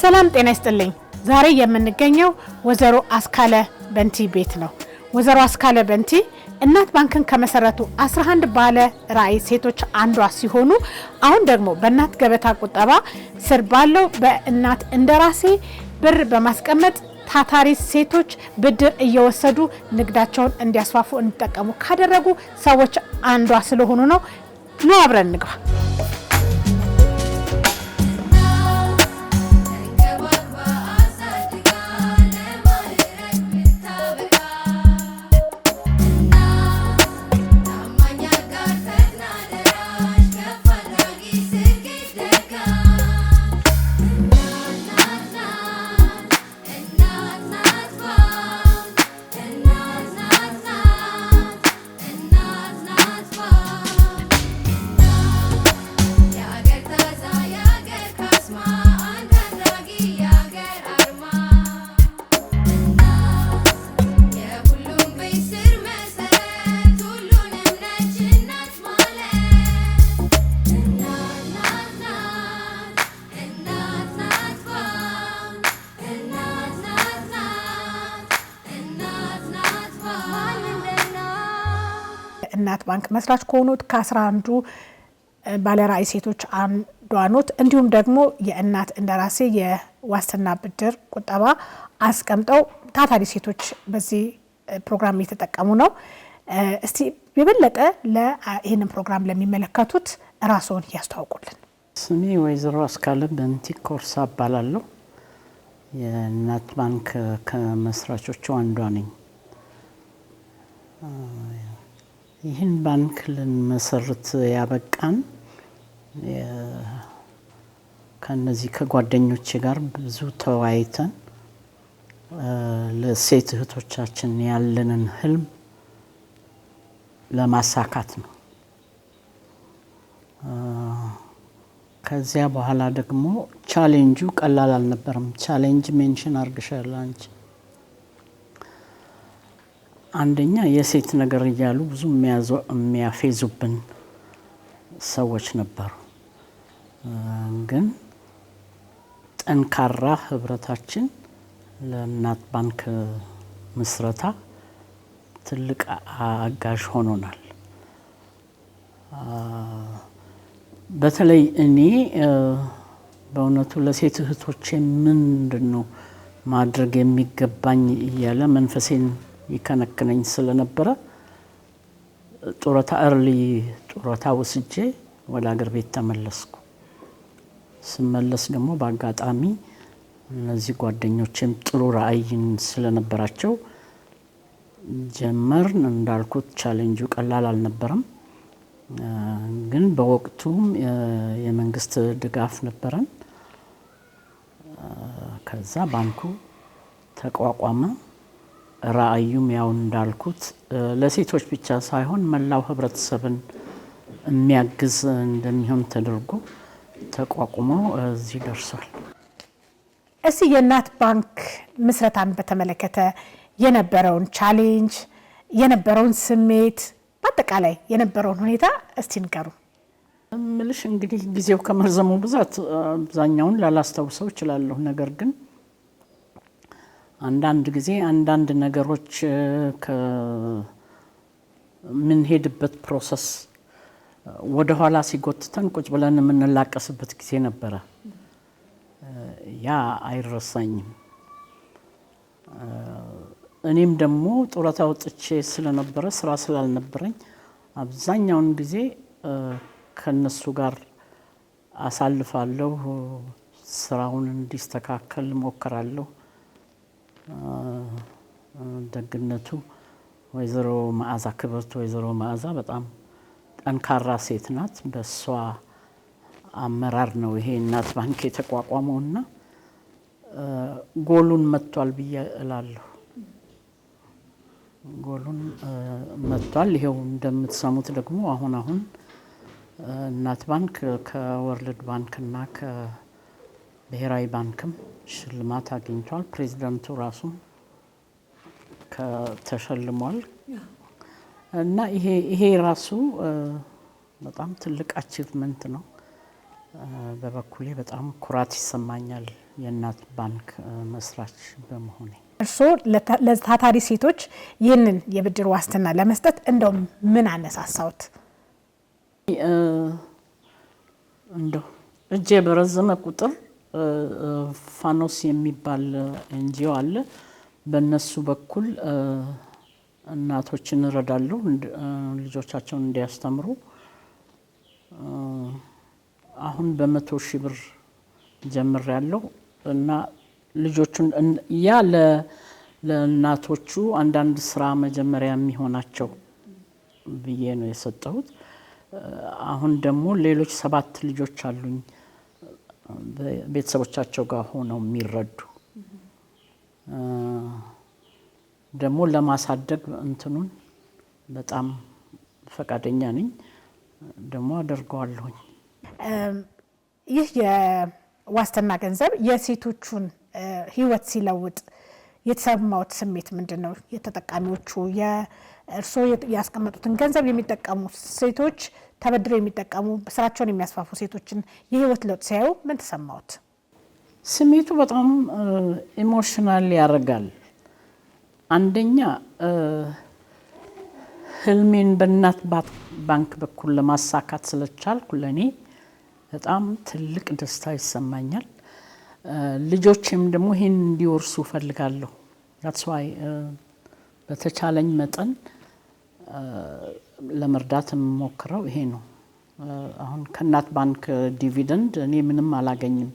ሰላም ጤና ይስጥልኝ። ዛሬ የምንገኘው ወይዘሮ አስካለ በንቲ ቤት ነው። ወይዘሮ አስካለ በንቲ እናት ባንክን ከመሰረቱ 11 ባለ ራዕይ ሴቶች አንዷ ሲሆኑ አሁን ደግሞ በእናት ገበታ ቁጠባ ስር ባለው በእናት እንደራሴ ብር በማስቀመጥ ታታሪ ሴቶች ብድር እየወሰዱ ንግዳቸውን እንዲያስፋፉ እንዲጠቀሙ ካደረጉ ሰዎች አንዷ ስለሆኑ ነው። ኑ አብረን እንግባ። የእናት ባንክ መስራች ከሆኑት ከአስራ አንዱ ባለራእይ ሴቶች አንዷ ኖት። እንዲሁም ደግሞ የእናት እንደራሴ የዋስትና ብድር ቁጠባ አስቀምጠው ታታሪ ሴቶች በዚህ ፕሮግራም እየተጠቀሙ ነው። እስቲ የበለጠ ለይህንን ፕሮግራም ለሚመለከቱት ራስዎን ያስተዋውቁልን። ስሜ ወይዘሮ አስካለ በንቲ ኮርሳ እባላለሁ። የእናት ባንክ ከመስራቾቹ አንዷ ነኝ። ይህን ባንክ ልንመሰርት ያበቃን ከነዚህ ከጓደኞቼ ጋር ብዙ ተወያይተን ለሴት እህቶቻችን ያለንን ህልም ለማሳካት ነው። ከዚያ በኋላ ደግሞ ቻሌንጁ ቀላል አልነበረም። ቻሌንጅ ሜንሽን አርግሻለሁ አንቺ አንደኛ የሴት ነገር እያሉ ብዙ የሚያፌዙብን ሰዎች ነበሩ። ግን ጠንካራ ህብረታችን ለእናት ባንክ ምስረታ ትልቅ አጋዥ ሆኖናል። በተለይ እኔ በእውነቱ ለሴት እህቶቼ ምንድን ነው ማድረግ የሚገባኝ እያለ መንፈሴን ይከነክነኝ ስለነበረ ጡረታ እርሊ ጡረታ ወስጄ ወደ አገር ቤት ተመለስኩ። ስመለስ ደግሞ በአጋጣሚ እነዚህ ጓደኞችም ጥሩ ራዕይን ስለነበራቸው ጀመር እንዳልኩት ቻሌንጁ ቀላል አልነበረም፣ ግን በወቅቱም የመንግስት ድጋፍ ነበረን። ከዛ ባንኩ ተቋቋመ። ራዕዩም ያው እንዳልኩት ለሴቶች ብቻ ሳይሆን መላው ህብረተሰብን የሚያግዝ እንደሚሆን ተደርጎ ተቋቁሞ እዚህ ደርሷል። እስቲ የእናት ባንክ ምስረታን በተመለከተ የነበረውን ቻሌንጅ፣ የነበረውን ስሜት፣ በአጠቃላይ የነበረውን ሁኔታ እስቲ ንገሩ። ምልሽ እንግዲህ ጊዜው ከመርዘሙ ብዛት አብዛኛውን ላላስታውሰው እችላለሁ ነገር ግን አንዳንድ ጊዜ አንዳንድ ነገሮች ከምንሄድበት ፕሮሰስ ወደ ኋላ ሲጎትተን ቁጭ ብለን የምንላቀስበት ጊዜ ነበረ። ያ አይረሳኝም። እኔም ደግሞ ጡረታ ወጥቼ ስለነበረ ስራ ስላልነበረኝ አብዛኛውን ጊዜ ከነሱ ጋር አሳልፋለሁ። ስራውን እንዲስተካከል ሞክራለሁ። ደግነቱ ወይዘሮ መዓዛ ክብርት ወይዘሮ መዓዛ በጣም ጠንካራ ሴት ናት። በእሷ አመራር ነው ይሄ እናት ባንክ የተቋቋመው እና ጎሉን መቷል ብዬ እላለሁ። ጎሉን መጥቷል። ይሄው እንደምትሰሙት ደግሞ አሁን አሁን እናት ባንክ ከወርልድ ባንክና ብሔራዊ ባንክም ሽልማት አግኝቷል። ፕሬዚዳንቱ ራሱ ተሸልሟል እና ይሄ ራሱ በጣም ትልቅ አቺቭመንት ነው። በበኩሌ በጣም ኩራት ይሰማኛል የእናት ባንክ መስራች በመሆኔ። እርስዎ ለታታሪ ሴቶች ይህንን የብድር ዋስትና ለመስጠት እንደው ምን አነሳሳውት? እንደው እጄ በረዘመ ቁጥር ፋኖስ የሚባል ኤንጂኦ አለ። በእነሱ በኩል እናቶችን እረዳለሁ ልጆቻቸውን እንዲያስተምሩ። አሁን በመቶ ሺህ ብር ጀምር ያለው እና ልጆቹን ያ ለእናቶቹ አንዳንድ ስራ መጀመሪያ የሚሆናቸው ብዬ ነው የሰጠሁት። አሁን ደግሞ ሌሎች ሰባት ልጆች አሉኝ። ቤተሰቦቻቸው ጋር ሆነው የሚረዱ ደግሞ ለማሳደግ እንትኑን በጣም ፈቃደኛ ነኝ፣ ደግሞ አደርገዋለሁኝ። ይህ የዋስትና ገንዘብ የሴቶቹን ህይወት ሲለውጥ የተሰማዎት ስሜት ምንድን ነው? የተጠቃሚዎቹ የእርስዎ ያስቀመጡትን ገንዘብ የሚጠቀሙት ሴቶች ተበድረው የሚጠቀሙ ስራቸውን የሚያስፋፉ ሴቶችን የህይወት ለውጥ ሲያዩ ምን ተሰማዎት? ስሜቱ በጣም ኢሞሽናል ያደርጋል። አንደኛ ህልሜን በእናት ባንክ በኩል ለማሳካት ስለቻልኩ ለእኔ በጣም ትልቅ ደስታ ይሰማኛል። ልጆችም ደግሞ ይህን እንዲወርሱ እፈልጋለሁ። በተቻለኝ መጠን ለመርዳት የምሞክረው ይሄ ነው። አሁን ከእናት ባንክ ዲቪደንድ እኔ ምንም አላገኝም።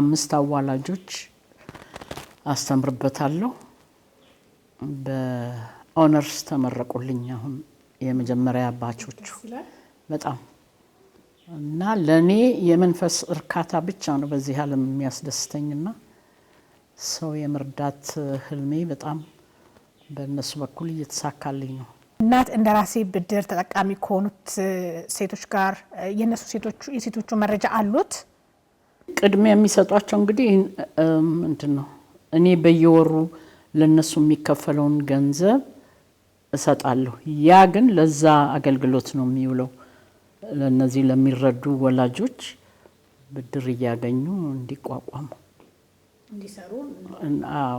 አምስት አዋላጆች አስተምርበታለሁ። በኦነርስ ተመረቁልኝ። አሁን የመጀመሪያ አባቾቹ በጣም እና ለእኔ የመንፈስ እርካታ ብቻ ነው በዚህ ዓለም የሚያስደስተኝና ሰው የመርዳት ህልሜ በጣም በእነሱ በኩል እየተሳካልኝ ነው። እናት እንደ ራሴ ብድር ተጠቃሚ ከሆኑት ሴቶች ጋር የነሱ የሴቶቹ መረጃ አሉት። ቅድሚያ የሚሰጧቸው እንግዲህ ምንድን ነው እኔ በየወሩ ለነሱ የሚከፈለውን ገንዘብ እሰጣለሁ። ያ ግን ለዛ አገልግሎት ነው የሚውለው። ለነዚህ ለሚረዱ ወላጆች ብድር እያገኙ እንዲቋቋሙ እንዲሰሩ፣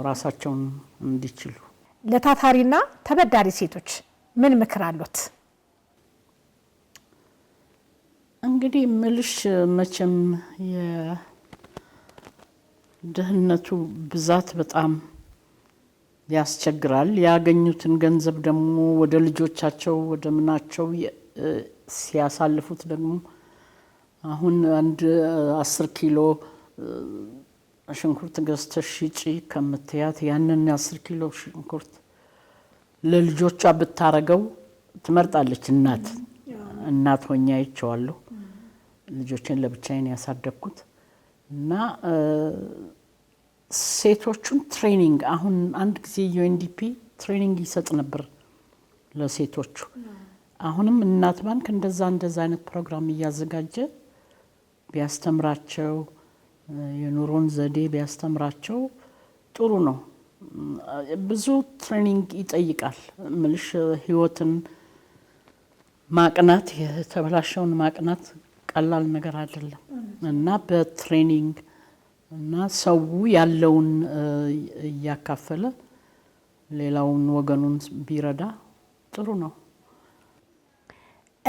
ራሳቸውን እንዲችሉ ለታታሪና ተበዳሪ ሴቶች ምን ምክር አሉት? እንግዲህ ምልሽ መቼም የድህነቱ ብዛት በጣም ያስቸግራል። ያገኙትን ገንዘብ ደግሞ ወደ ልጆቻቸው ወደ ምናቸው ሲያሳልፉት ደግሞ አሁን አንድ አስር ኪሎ ሽንኩርት ገዝተሽ ሽጪ ከምትያት ያንን አስር ኪሎ ሽንኩርት ለልጆቿ ብታረገው ትመርጣለች። እናት እናት ሆኜ አይቼዋለሁ። ልጆችን ለብቻዬን ያሳደግኩት እና ሴቶቹን ትሬኒንግ አሁን አንድ ጊዜ ዩኤንዲፒ ትሬኒንግ ይሰጥ ነበር ለሴቶቹ። አሁንም እናት ባንክ እንደዛ እንደዛ አይነት ፕሮግራም እያዘጋጀ ቢያስተምራቸው የኑሮን ዘዴ ቢያስተምራቸው ጥሩ ነው። ብዙ ትሬኒንግ ይጠይቃል። ምልሽ ህይወትን ማቅናት የተበላሸውን ማቅናት ቀላል ነገር አይደለም እና በትሬኒንግ እና ሰው ያለውን እያካፈለ ሌላውን ወገኑን ቢረዳ ጥሩ ነው።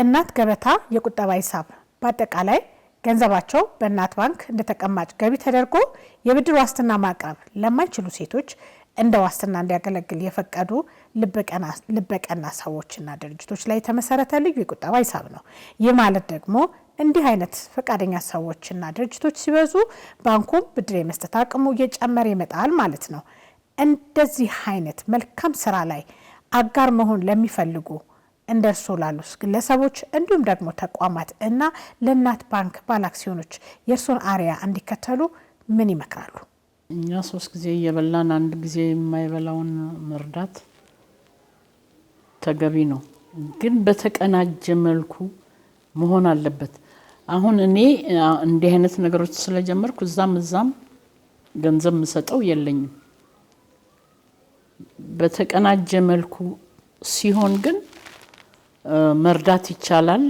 እናት ገበታ የቁጠባ ሂሳብ በአጠቃላይ ገንዘባቸው በእናት ባንክ እንደተቀማጭ ገቢ ተደርጎ የብድር ዋስትና ማቅረብ ለማይችሉ ሴቶች እንደ ዋስትና እንዲያገለግል የፈቀዱ ልበቀና ሰዎችና ድርጅቶች ላይ የተመሰረተ ልዩ የቁጠባ ሂሳብ ነው። ይህ ማለት ደግሞ እንዲህ አይነት ፈቃደኛ ሰዎችና ድርጅቶች ሲበዙ ባንኩም ብድር የመስጠት አቅሙ እየጨመረ ይመጣል ማለት ነው። እንደዚህ አይነት መልካም ስራ ላይ አጋር መሆን ለሚፈልጉ እንደ እርስዎ ላሉ ግለሰቦች እንዲሁም ደግሞ ተቋማት እና ለእናት ባንክ አክሲዮኖች የእርስዎን አሪያ እንዲከተሉ ምን ይመክራሉ? እኛ ሶስት ጊዜ እየበላን አንድ ጊዜ የማይበላውን መርዳት ተገቢ ነው፣ ግን በተቀናጀ መልኩ መሆን አለበት። አሁን እኔ እንዲህ አይነት ነገሮች ስለጀመርኩ እዛም እዛም ገንዘብ የምሰጠው የለኝም። በተቀናጀ መልኩ ሲሆን ግን መርዳት ይቻላል።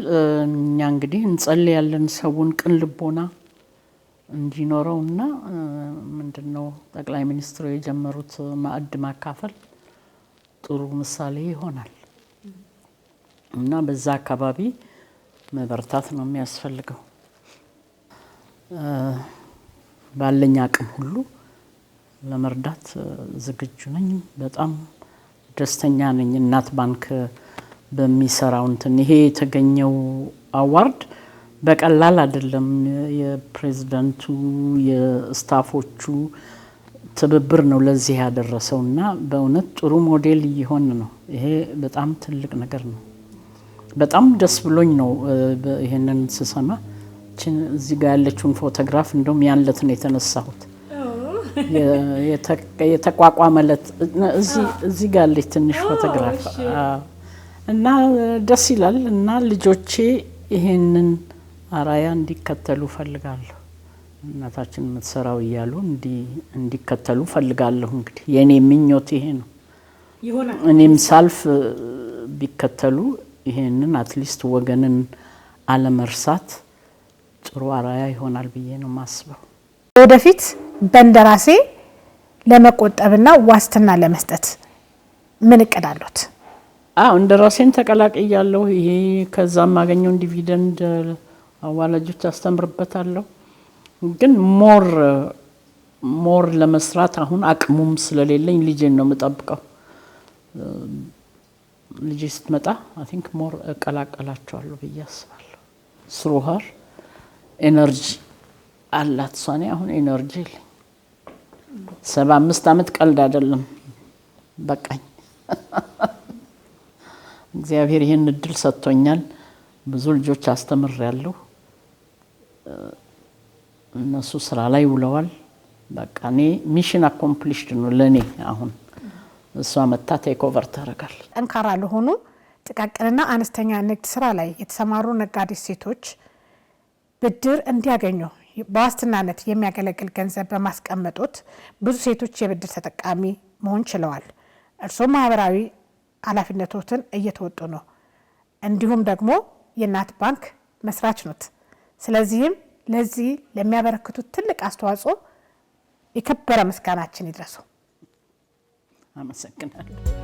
እኛ እንግዲህ እንጸልያለን ሰውን ቅን ልቦና እንዲኖረው ምንድን ነው ጠቅላይ ሚኒስትሩ የጀመሩት ማዕድ ማካፈል ጥሩ ምሳሌ ይሆናል እና በዛ አካባቢ መበርታት ነው የሚያስፈልገው። ባለኝ አቅም ሁሉ ለመርዳት ዝግጁ ነኝ። በጣም ደስተኛ ነኝ። እናት ባንክ በሚሰራው እንትን ይሄ የተገኘው አዋርድ በቀላል አይደለም። የፕሬዝዳንቱ የስታፎቹ ትብብር ነው ለዚህ ያደረሰው እና በእውነት ጥሩ ሞዴል እየሆን ነው። ይሄ በጣም ትልቅ ነገር ነው። በጣም ደስ ብሎኝ ነው ይሄንን ስሰማ። እዚህ ጋር ያለችውን ፎቶግራፍ እንደም ያንለት ነው የተነሳሁት። የተቋቋመለት እዚህ ጋር ያለች ትንሽ ፎቶግራፍ እና ደስ ይላል እና ልጆቼ ይሄንን አራያ እንዲከተሉ ፈልጋለሁ። እናታችን የምትሰራው እያሉ እንዲከተሉ ፈልጋለሁ። እንግዲህ የእኔ ምኞት ይሄ ነው። እኔም ሳልፍ ቢከተሉ ይሄንን አትሊስት ወገንን አለመርሳት ጥሩ አራያ ይሆናል ብዬ ነው ማስበው። ወደፊት በእንደራሴ ለመቆጠብና ዋስትና ለመስጠት ምን እቅድ አሉት? አዎ እንደራሴን ተቀላቅያለሁ። ይሄ ከዛ የማገኘውን ዲቪደንድ አዋላጆች አስተምርበታለሁ። ግን ሞር ሞር ለመስራት አሁን አቅሙም ስለሌለኝ ልጄን ነው የምጠብቀው። ልጄ ስትመጣ አይ ቲንክ ሞር እቀላቀላቸዋለሁ ብዬ አስባለሁ። ስሩሃር ኤነርጂ አላት። እሷኔ አሁን ኤነርጂ የለኝ። ሰባ አምስት ዓመት ቀልድ አይደለም። በቃኝ። እግዚአብሔር ይህን እድል ሰጥቶኛል። ብዙ ልጆች አስተምሬያለሁ። እነሱ ስራ ላይ ውለዋል። በቃ እኔ ሚሽን አኮምፕሊሽድ ነው ለእኔ። አሁን እሷ መታ ቴክ ታደርጋለች። ጠንካራ ለሆኑ ጥቃቅንና አነስተኛ ንግድ ስራ ላይ የተሰማሩ ነጋዴ ሴቶች ብድር እንዲያገኙ በዋስትናነት የሚያገለግል ገንዘብ በማስቀመጦት ብዙ ሴቶች የብድር ተጠቃሚ መሆን ችለዋል። እርስዎ ማህበራዊ ኃላፊነቶትን እየተወጡ ነው። እንዲሁም ደግሞ የእናት ባንክ መስራች ኖት። ስለዚህም ለዚህ ለሚያበረክቱት ትልቅ አስተዋጽኦ የከበረ ምስጋናችን ይድረሰው። አመሰግናለሁ።